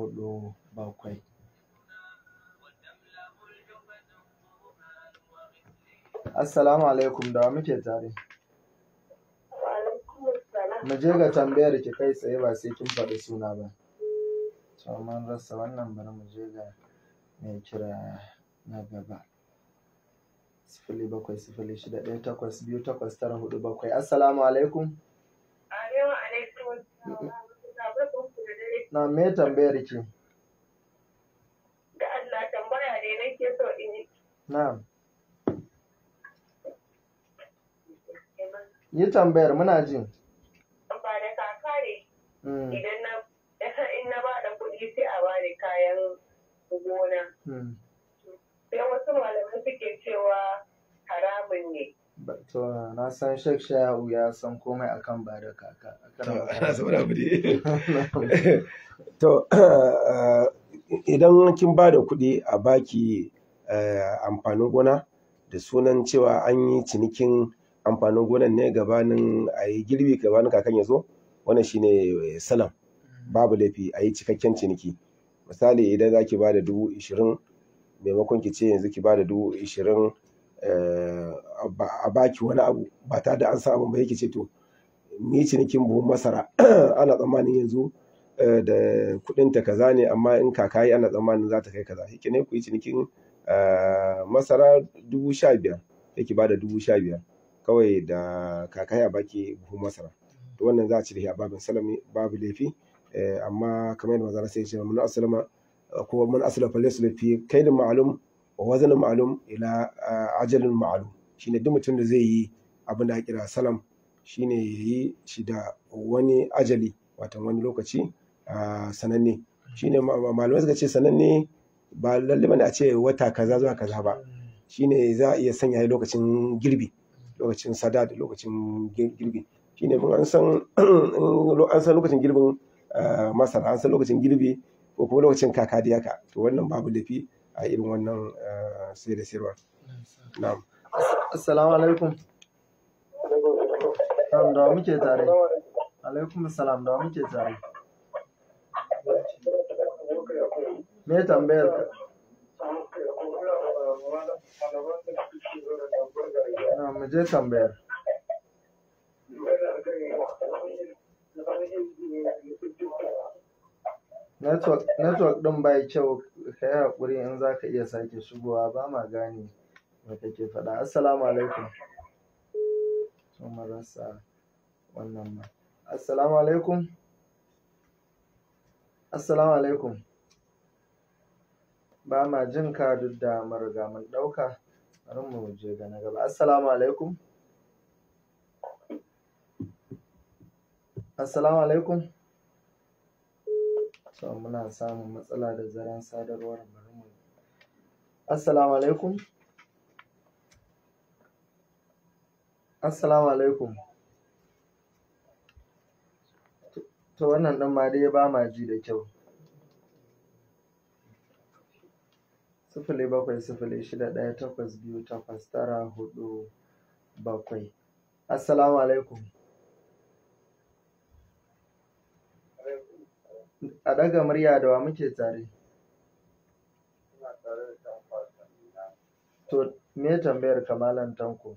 hudu bakwai. Assalamu alaikum da wa muke tare? Mu je ga tambayar ki kai tsaye ba sai kin faɗi suna ba. To mun rasa wannan bari mu je ga mai kira na gaba. Sifili bakwai sifili shida ɗaya takwas biyu takwas tara hudu bakwai. Assalamu Alaikum alaikum. Na me tambayar ki? Da Allah tambaya ne nake so in yi. Na'am. Yi tambayar muna jin. Ba da kaka ne. Hmm. Idan na in na ba da kuɗi sai a ba ni kayan gona. Hmm. Sai wasu malamai suke cewa To na san Sheikh Shayau ya san komai akan ba da kaka. Ana saboda abu To eh, idan kin ba da kuɗi a baki eh, amfanin gona da sunan cewa an yi cinikin amfanin gonan ne gabanin a yi girbi gabanin kakan ya zo wannan shine eh, salam mm. babu laifi a yi cikakken ciniki misali idan za ki ba da dubu ishirin maimakon ki ce yanzu ki ba da dubu ishirin a baki wani abu ba ta da an samu abin ba yake ce to ni cinikin buhun masara ana tsammanin yanzu eh, da kuɗin ta kaza ne amma in kaka yi ana tsammanin za ta kai kaza yake ne ku yi cinikin eh, masara dubu sha biyar yake ba da dubu sha biyar kawai da kaka a baki buhun masara to wannan za a cire ya babin salami babu laifi eh, amma kamar yadda mazara sai ya ce mun asalama kuma mun asala falle su laifi ma'alum wa wazanin ma'alum ila ajalin ma'alum shine duk mutum da zai yi abin da kira salam shine ya yi shi da wani ajali watan wani lokaci sananne shine malamai suka ce sananne ba lalle bane a ce wata kaza zuwa kaza ba shine za a iya sanya lokacin girbi lokacin sada da lokacin girbi shine an san an san lokacin girbin masara an san lokacin girbi ko kuma lokacin kaka da yaka to wannan babu laifi a irin wannan sai da sayarwa na'am Assalamu alaikum. Salam da muke tare. Alaikum salam da muke tare. Me tambayar Na mu tambayar. Network ɗin bai kyau ka yi haƙuri in za ka iya sake shigowa ba ma gane. wata ke faɗa assalamu alaikum sun marasa wannan ma assalamu alaikum assalamu alaikum ba ma jin ka duk da mariga mun ɗauka bari mu je ga na gaba assalamu alaikum assalamu alaikum so muna samun matsala da zaren sadarwar bari mu assalamu alaikum Assalamu alaikum. To wannan ɗan ma dai ba ma ji da kyau. Sifili bakwai sifili shida ɗaya takwas biyu takwas tara hudu bakwai. Assalamu alaikum. A ɗaga murya da wa muke tare? To me tambayar kamalan tanko?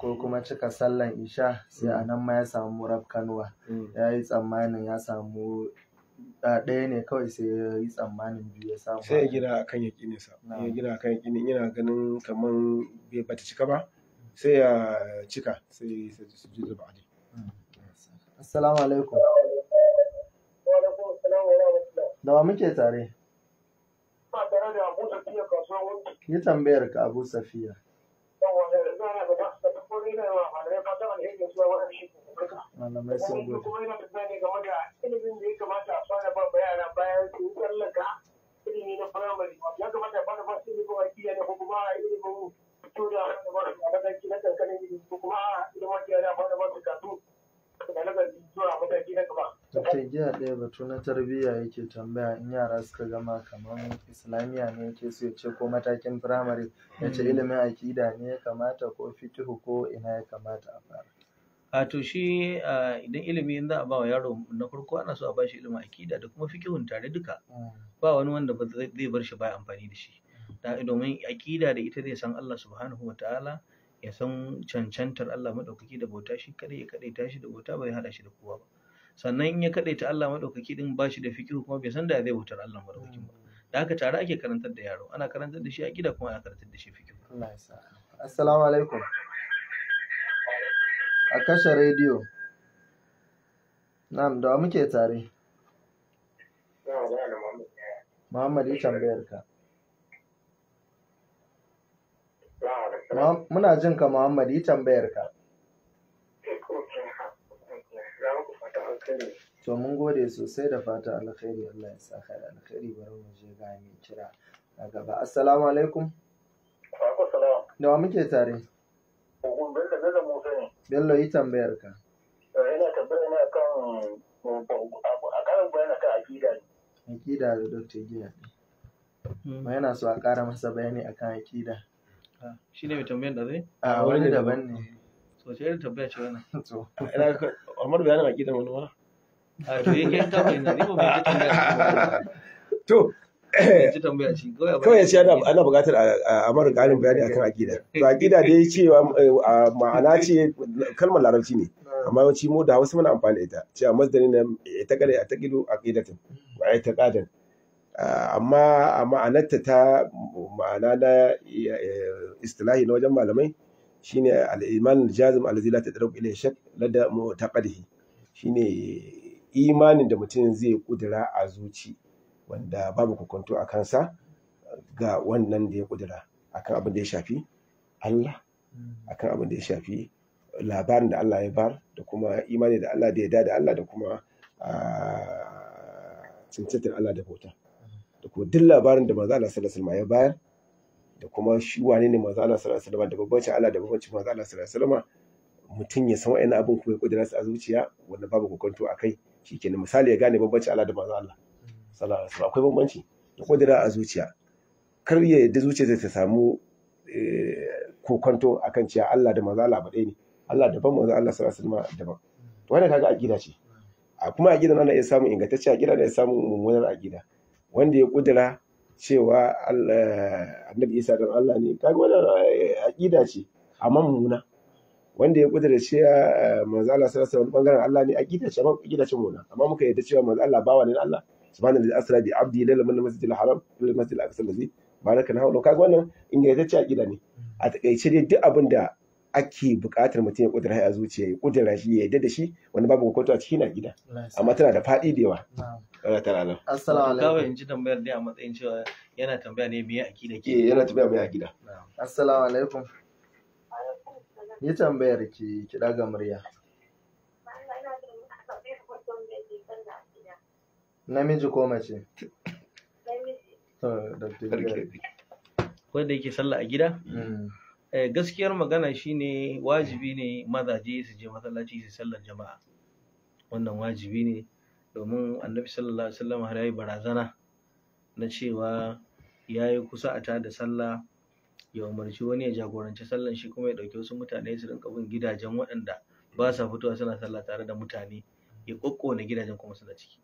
ko kuma cika sallan isha sai mm. a nan ma ya samu kanuwa mm. ya yi tsammanin ya samu ɗaya ne kawai sai ya yi tsammanin biyu ya samu sai ya gina a kan yaƙi nesa ya gina a kan yaƙi ne yana ganin kamar bai bata cika ba sai ya cika sai su ji da ba'adi mm. assalamu alaikum da wa muke tare yi tambayar ka abu safiya eh, kuma ina wa malamai fata wani yake zuwa wannan shi malamai sun gudu kuma ina misali game da ilimin da ya kamata a fara ba yara bayan su tsallaka ilimi na firamare ya kamata a fara ba su ilimin wakiya da kuma ilimin tura da ba su a mataki na kankanin ilimi kuma giya ɗaya batu na tarbiyya yake tambaya in yara suka gama kamar islamiyya ne yake so ya ce ko matakin firamare ya hmm. ilimin aƙida ne ya kamata ko fikihu ko ina ya kamata a fara a to shi idan ilimi in za a ba wa yaro na farko ana so a ba shi ilimin aƙida da kuma fikihun tare duka hmm. ba wani wanda zai bar shi ba amfani da shi domin aƙida da ita zai san Allah subhanahu wa ta'ala ya san cancantar Allah maɗaukaki da bauta shi kaɗai ya kaɗai tashi da bauta bai haɗa shi da kowa ba sannan in ya kaɗaita Allah maɗaukaki din ba shi da fikihu kuma bai san da zai bautar Allah maɗaukaki ba da haka tare ake karantar da yaro ana karantar da shi a gida kuma ana karantar da shi fikihu assalamu alaikum a kashe rediyo Na da muke tare Muhammad ya tambayar ka muna jin ka Muhammad ya tambayar ka to mun gode sosai da fata alkhairi Allah ya sa da alkhairi bari mu je ga mai kira a gaba assalamu alaikum da wa muke tare bello yi tambayar ka eh, ina tambaya ne akan eh, a karin bayan akan akida ne akida da dr giya ma hmm. yana so a kara masa bayani akan akida ah, shi ne mai tambayar da zai a ah, wani daban ne so ce irin tambaya ce wannan to ina amar bayanin akidan wani ma to kawai ya ana ana buƙatar a mara ƙarin bayani akan aqida to aqida dai cewa ma'ana ce kalmar larabci ne amma yawanci mu da Hausa muna amfani da ita cewa masdari ne ta kada ta kido aqidatin wa ai ta qadan amma a ma'anarta ta ma'ana na istilahi na wajen malamai shine al-iman al-jazim allazi la tadrabu ilayhi shak lada mu'taqadihi shine imanin da mutum zai kudura a zuci wanda babu kokonto a kansa ga wannan da ya kudura akan abin da ya shafi Allah mm. akan abin da ya shafi labarin da Allah ya bar da kuma imani da Allah da ya da Allah da kuma ah, cancantar Allah da bauta da kuma duk labarin da manzo Allah sallallahu alaihi wasallam ya bayar da kuma shi wane ne manzo Allah sallallahu alaihi wasallam da babbancin Allah da babbancin manzo Allah sallallahu alaihi wasallam mutum ya san wa'annan abin kuma ya kudura su a zuciya wanda babu kokonto kai. shikenan misali ya gane bambanci Allah da manzon Allah sallallahu alaihi wasallam akwai bambanci ya kudura a zuciya kar ya yadda zuciya ta samu eh, kokonto akan cewa Allah da manzon Allah ba ne Allah daban manzon Allah sallallahu alaihi wasallam daban to wannan kaga aqida ce a kuma aqida ana iya samun ingantaccen aqida da iya samun mummunar aqida wanda ya kudura cewa eh, annabi Isa dan Allah ne kaga wannan eh, aqida ce amma mummuna wanda ya kudura cewa eh, manzo Allah sallallahu alaihi bangaren Allah ne aqida ce ban aqida ce mona amma muka yadda cewa manzo Allah bawa ne Allah subhanahu wa ta'ala bi abdi ila min masjidil haram ila masjidil aqsa allazi baraka lahu kaga wannan in ingantacce aqida ne a takaice dai duk abin da ake buƙatar mutum ya kudura a zuciya ya kudura shi ya yadda da shi wani babu kokoto a cikin aqida amma tana da faɗi da yawa Allah ta'ala Assalamu alaikum. Kawai in ji tambayar dai a matsayin cewa yana tambaya ne me aqida ke. Eh, yana tambaya me aqida. Assalamu alaikum. Ni tambayar ki ki daga murya. Namiji ko mace? Namiji. Oh, wanda yake sallah a gida? Mm. Eh, gaskiyar magana shine wajibi ne mazaje su je masallaci su sallar jama'a. Wannan wajibi ne domin annabi sallallahu alaihi wasallam har yayi barazana na cewa yayi kusa a tada sallah ya umarci wani ya jagoranci sallan shi kuma ya ɗauki wasu mutane su rinka bin gidajen waɗanda ba sa fitowa suna sallah tare da mutane ya ƙoƙƙona gidajen kuma suna ciki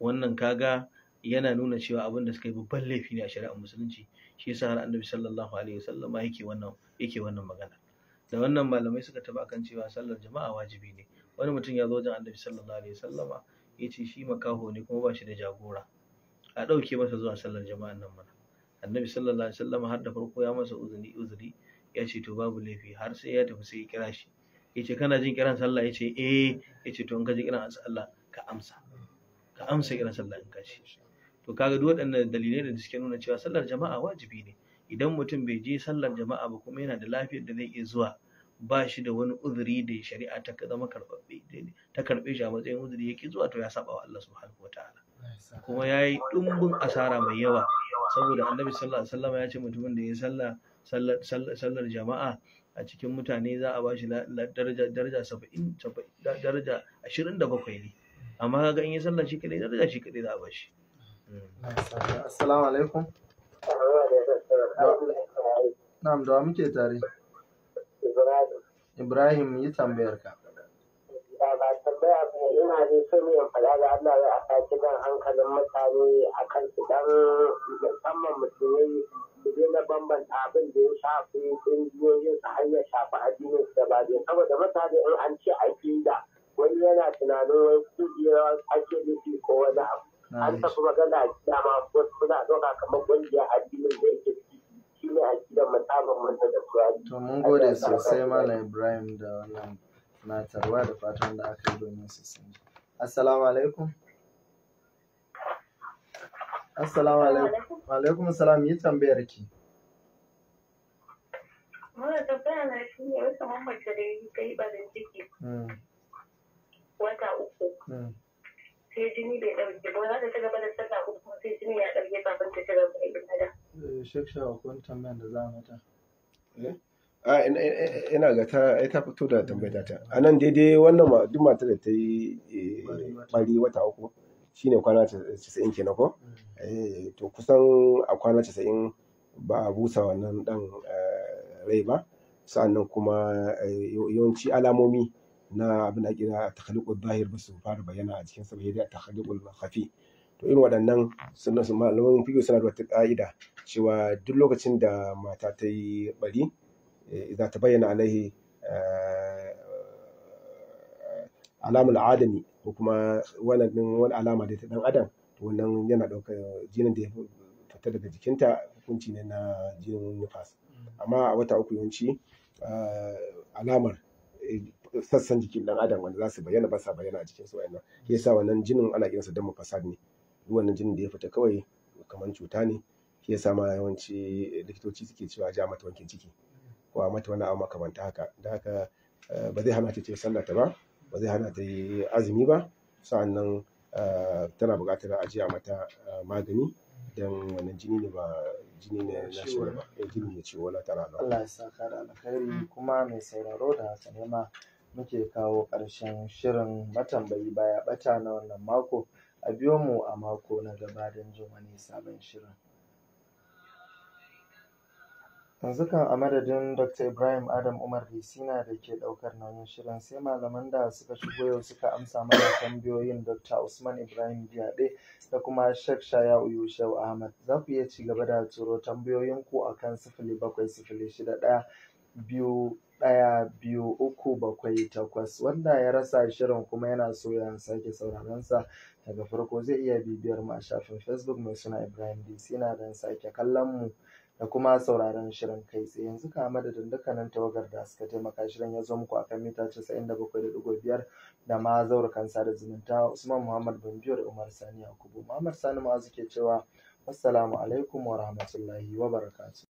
wannan kaga yana nuna cewa abin da suka yi babban laifi ne a shari'ar musulunci shi yasa har annabi sallallahu alaihi wasallam yake wannan yake wannan magana da wannan malamai suka tafi akan cewa sallar jama'a wajibi ne wani mutum ya zo wajen annabi sallallahu alaihi wasallama ya ce shi makaho ne kuma ba shi da jagora a ɗauke masa zuwa sallar jama'an nan mana annabi sallallahu alaihi wasallam har da farko ya masa uzuri uzuri ya ce to babu laifi har sai ya tafi sai ya kira shi ya ce kana jin kiran sallah ya ce eh ya ce to in ka ji kiran sallah ka amsa ka amsa kiran sallah in ka shi. to kaga duk waɗannan dalilai da suke nuna cewa sallar jama'a wajibi ne idan mutum bai je sallar jama'a ba kuma yana da lafiyar da zai iya zuwa ba shi da wani uzuri da shari'a ta zama karɓaɓɓe ta karɓe shi a matsayin uzuri ya ki zuwa to ya saba wa Allah subhanahu wataala kuma ya yi ɗumbin asara mai yawa saboda annabi sallallahu alaihi wasallam ya ce mutumin da ya sallah sallar jama'a a cikin mutane za a bashi daraja daraja 70 daraja 27 ne amma kaga in ya sallah shi kadai daraja shi kadai za a bashi assalamu alaikum na'am da muke tare Ibrahim yi tambayar ka ina da so ne faɗa da Allah ya aka dan hankalin mutane akan su dan musamman musulmai su je na bambanta abin da ya shafi ƙungiyoyin su har ya shafi addinin su da ba saboda mutane in an ce da wani yana tunanin wai kujewa ake nufi ko wani abu an tafi magana a gida ma ko suna ɗauka kamar ƙungiyar addinin da yake shi ne gidan musamman mutum da suwari. to mun gode sosai malam ibrahim da wannan na tarwa da fatan da aka yi domin su sani assalamu alaikum assalamu alaikum alaikum salam yi tambayar ki mara tambaya na shi ne wata mamace da ta yi barin ciki hmm. wata uku hmm. sai jini bai ɗauke ba za ta ci gaba da sallah uku sai jini ya ɗauke kafin ta ci gaba da ibada. Eh, shek Shawa, kun tambayan da za a mata? Eh? ina ga ta ai ta fito da tambayata ta a nan daidai wannan duk mata da ta yi bari eh, wata uku shine kwana 90 kenan ko eh, to kusan a kwana 90 ba a busa wannan dan eh, rai ba sannan kuma yawanci alamomi na abin da kira takhaliqul zahir ba su fara bayyana a cikin sabai da yadda khafi to irin waɗannan sunan su malaman fiqh suna da wata ka'ida cewa duk lokacin da mata ta yi bari إذا تبين عليه alamul العالم ko kuma من din wani alama da ta dan adam to wannan yana ɗauka jinin da ya fita daga jikinta hukunci ne na jinin nufas amma a wata uku yawanci alamar sassan jikin dan adam wanda za su bayyana ba sa bayyana a jikin su wayannan yasa wannan jinin ana kiransa damu fasad ne wannan jinin da ya fita kawai kamar cuta ne yasa ma yawanci likitoci suke cewa ja mata wankin ciki ko a mata wani abu makamanta haka da haka eh, ba zai hana ta ce sallah ta ba ba zai hana ta yi azumi ba sa'annan eh, tana buƙatar a ajiya mata eh, magani don wannan jini ne ba jini ne na ciwo ba jini ne ciwo na tara Allah ya sa ka da alkhairi kuma mai sauraro da haka ne ma muke kawo ƙarshen shirin matambayi baya ɓata na wannan mako a biyo mu a mako na gaba don jin wani sabon shirin Yanzu a madadin Dr. Ibrahim Adam Umar Risina da ke ɗaukar nauyin shirin sai malaman da suka shigo yau suka amsa mana tambayoyin Dr. Usman Ibrahim Biyaɗe da kuma shak Shaya'u Yushau Ahmad. Za ku iya ci gaba da turo tambayoyinku a kan sifili bakwai sifili shida ɗaya biyu ɗaya biyu uku bakwai takwas wanda ya rasa shirin kuma yana so ya sake sauraron daga farko zai iya bibiyar mu a shafin Facebook mai suna Ibrahim Risina don sake kallon mu. da kuma sauraron shirin kai tsaye yanzu ka da nan tawagar da suka taimaka shirin ya zo muku a kan mita 97.5 da ma zaura kansa da zumunta Usman Muhammad Bambiyo da Umar Sani Yakubu Muhammad Sani ma suke cewa assalamu alaikum wa rahmatullahi wa barakatuh